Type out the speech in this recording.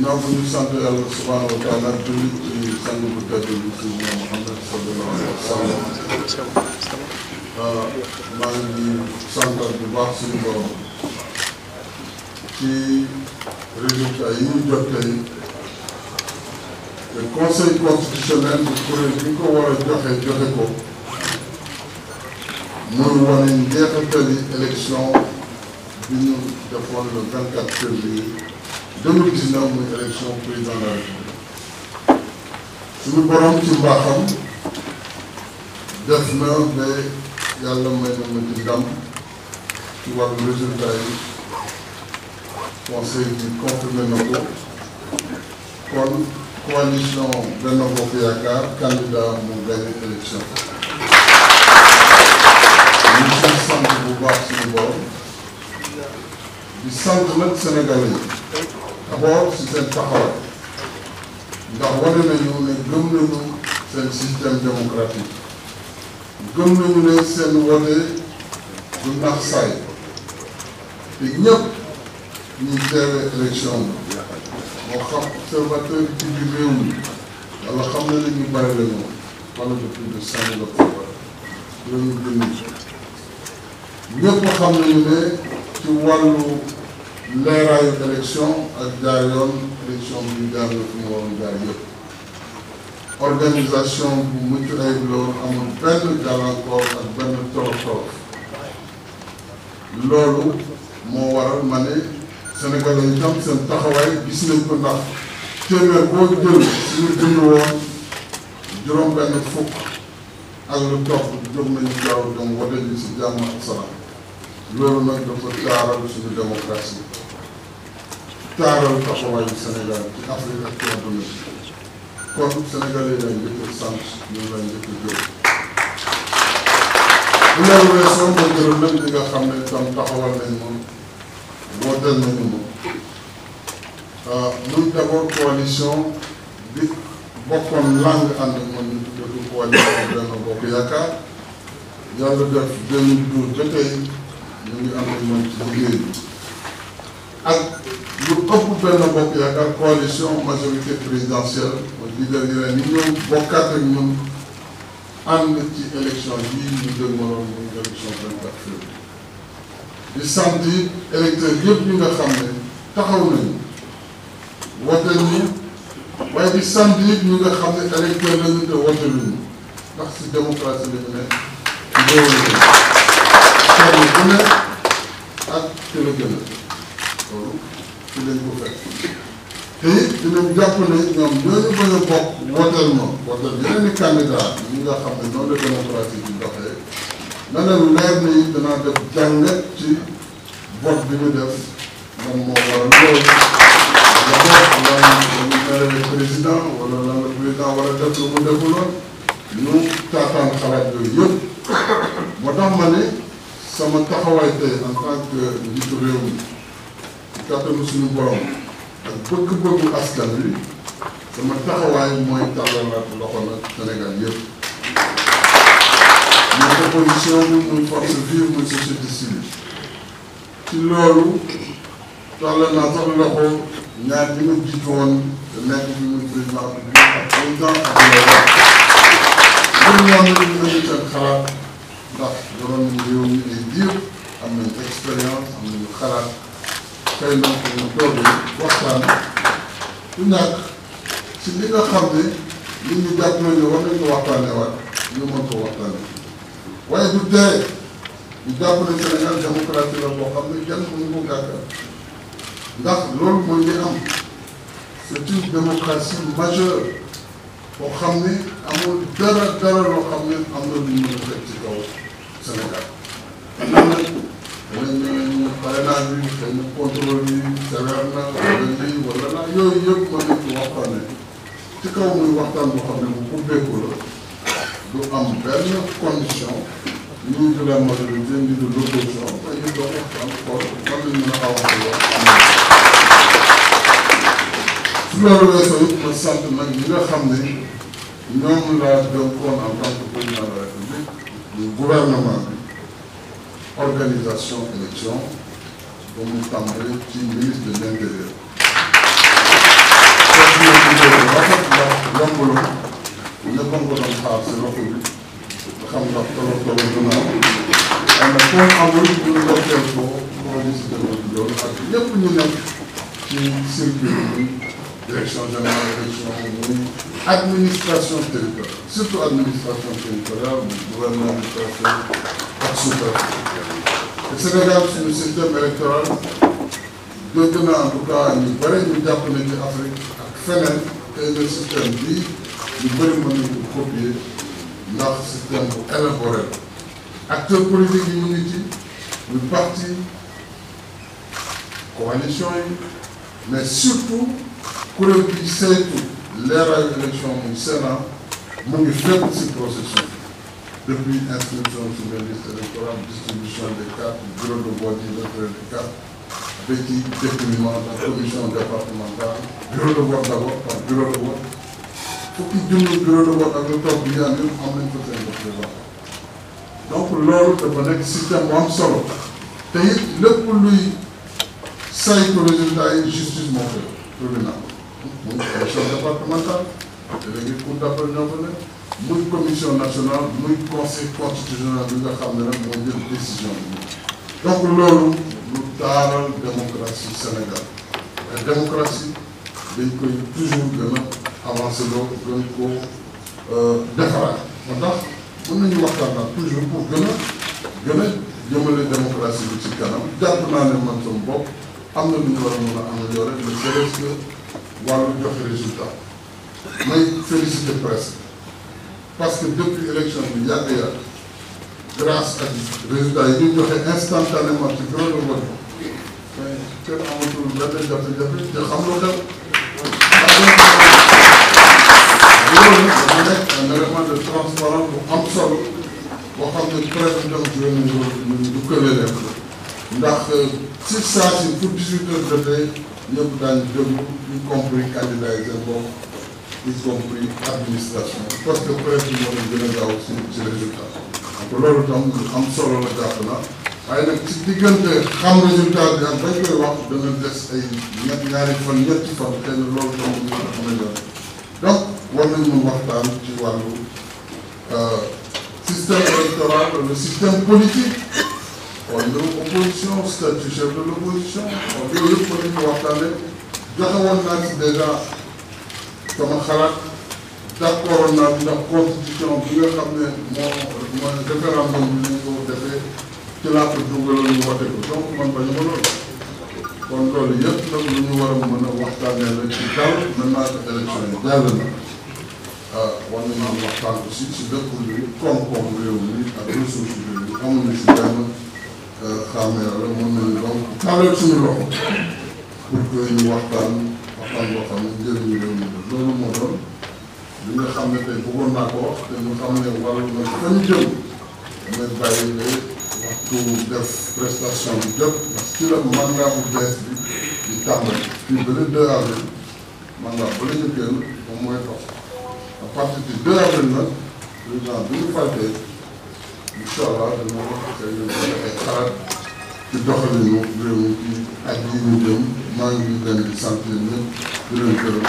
ñoo ko ñu sant yàlla subhaanahu wa taala julli ci sang bu tedd bi Seydina Muhammad sallallahu alayhi wa sallam ah, maa ngi santal bu baax yi ñu jot tey le conseil constitutionnel bu kuréel bi ko war a joxe joxe ko muy wane njeexitali élection bi ñu defoon le 24 février. 2019 muy élection président de la République suñu borom ci mbaaxam def na ba yàlla may na ma ci ndam ci wàllu résultat yi conseil bi confirmé na ko kon coalition Benno Bokk Yaakaar candidat moo gagné élection ñu sant bu baax suñu borom di sant nag Sénégalais yi d'abord si seen taxawaay ndax wane nañu ne gëm nañu seen système démocratique gëm nañu ne seen wote du nax saay te ñëpp ñu teewe élection bi xam observateur yi ci biir réew xam na ne ñu bëri la ñu wala de plus de ne ci wàllu leeraayu élection ak jaar yoon élection bi ñu jaar organisation bu mucc ayib loolu amul benn gàllankoor ak benn tolof tolof loolu moo waral ma Sénégal yi tam seen taxawaay gis nañ ko ndax téeméer boo jël suñu dund woon juróom benn fukk ak lu topp jóg nañu gaaw loolu nag dafa taaral suñu démocratie taaral taxawaayu Sénégal ci Afrique ak ci àdduna bi kon Sénégal yi lañ njëkk a sant ñu lañ njëkk a gërëm bu loolu weesoo ma gërëm nag ñi nga xam ne tam taxawal nañ moom wooteel nañu moom ah, ñun d'abord coalition bi bokkoon langue ànd ak man ñu tuddee coalition Benno Bokk Yaakaar yàlla def 2012 ba tey ñu ngi am ak man ci liggéey bi ak lu ëpp benn bokk yaakaar coalition majorité présidentielle mooy leader yi ren yi ñëw bokkaat ak ñun ànd ci élection yi ñu jël moroom muy élection 24 février di sant yi électeur yëpp ñi nga xam ne taxaw nañu wote ñu waaye di sant yi ñi nga xam ne électeur lañu te wote luñu ndax si démocratie lañu ne loolu xel yi a ak te la gën a loolu ci lañ ko fekk te it dinañ jàpp ne ñoom ñooñu bañ a bokk wooteel moom wooteel yeneen i xam ne noonu la démocratie bi doxee na leen leer na it danaa def jàngat ci bi ñu def moom moo waral loolu la ñu wala lan la président wala def lu mu defuloon ñu taataan xalaat yooyu yëpp moo tax ma ne sama taxawaay tey en tant que njiitu réew mi kàttanu suñu borom ak bëgg-bëggu askan wi sama taxawaay mooy tàllalaat loxo nag Sénégal yëpp muy opposition bi muy force vive muy société civile ci loolu tàllal naa sax loxo ñaar ñi ma jiitu woon te nekk bi muy président ak président ak ñoom ñoom ñu ngi seen xalaat koy donc doog waxtaan si li nga nit ñi jàpp nañu ne war nañ ko waxtaanee waat ñu mën ko waxtaanee waaye du dee ñu jàpp ne Sénégal démocratie la boo xam ndax loolu mooy li am c'est une démocratie majeure boo xam ne amul dara dara loo xam ne am na lu ñu mën a danañ ne parrainage bi xëy na contrôle bi sévère na wala lii wala laa yooyu yëpp mën nañ ko waxtaanee ci kaw muy waxtaan boo xam ne bu ubbeeku la du am benn condition ni de la majorité ni de l'opposition dañuy doon waxtaan xool fan lañ mën a avancer su loolu weesoo it ma sant nag ñi nga xam ne ñoom laa dénkoon en tant que président de la République du gouvernement bi organisation élection ba mu tàmbali ministre de l'intérieur yomb la ñëppoon ko doon xaar si loxo bi nga xam ndax tolo tolo dina am waaye nag foofu amul ñu doxteel ko police de loolu ak ñëpp ñu nekk ci circuit bi direction générale élection muy administration territoriale surtout administration territoriale gouvernement Fouta. te Sénégal suñu système électoral dégg naa en tout cas ñu bëri ak feneen tey le système bii ñu bëri mën nañu ko copier ndax système bu élaboré acteurs politiques yi ñu ngi parti coalition yi mais surtout kuréel bi saytu leeraayu élection muy Sénat procession depuis inscription sur les listes électorales, distribution des cartes, bureau de vote électorale des cartes, petit dépouillement de la commission départementale, bureau de vote d'abord par bureau de vote. fukki junni bureau de vote ak lu toog bi yàlla yëpp am nañ ko seen représentant donc loolu dafa nekk système bu am solo te it lépp luy saytu résultat yi justice moo koy tribunal muy commission départementale délégué cour d'appel ñoo ko nekk muy commission nationale muy conseil constitutionnel bi nga xam ne nag moo jël décision bi donc loolu lu taaral démocratie Sénégal te démocratie dañ koy toujours gën a avancé loo gën ko euh, defaraat moo tax mën nañu waxtaan toujours pour gën a gën a jëmale démocratie bi ci kanam jàpp naa ne man sama bopp am na lu ñu war a mën a améliorer mais c'est que wàllu joxe résultat may félicité parce que depuis élection bi yàgg yàgg grâce ak résultat yi ñu joxe instantanément ci bureau de vote mais kenn amatul benn jafe-jafe te xam lu xew. loolu dafa nekk un élément de transparence bu am solo boo xam ne presse bi jox juróomi ñu du kële leen ndax ci euh, saa si pour 18 heures jotee ñëpp daañu déglu ñu compris candidat yi seen y compris administration parce que presse bi moo gën a gaaw ci ci loolu tam lu solo la jàpp na waaye nag ci diggante xam résultat bi ak dañ koy wax dana des ay ñett ñaari fan ñetti fan xëy na loolu tam ñu ko mën a yor donc war nañ mun waxtaan ci wàllu système électoral le système politique wàllu opposition statut chef de l' opposition donc yooyu yëpp war nañu waxtaanee joxe woon naa ci déjà sama xalaat d'accord naa bi ndax constitution xam ne moo ma référendum bi nañ ko defee ci laa ko dugaloon ñu wote ko loolu kon loolu yëpp nag lu ñu war a la ci dal maintenant que élection yi jàll na ah war nañu am waxtaan aussi si dëkk bi koom-koom réew mi ak ressources euh, waxtaan waxtaan boo xam ne njëriñu réew mi la loolu moo doon li nga xam ne tey bëggoon naa ko wax te ñu xam ne wàllu na fa ñu jëm damay bàyyi ne waxtu def prestation bi jot ndax ci la mandat bu bees bi di tàmbali fii ba le 2 avril mandat ba la ñu génn moom mooy toog à partir du 2 avril nag président bi ñu fàttee incha allah euh, dana wax ak ay xalaat ci doxalinu réew mi ak li ñu jëm maa ngi leen di sant ñëpp di leen gërëm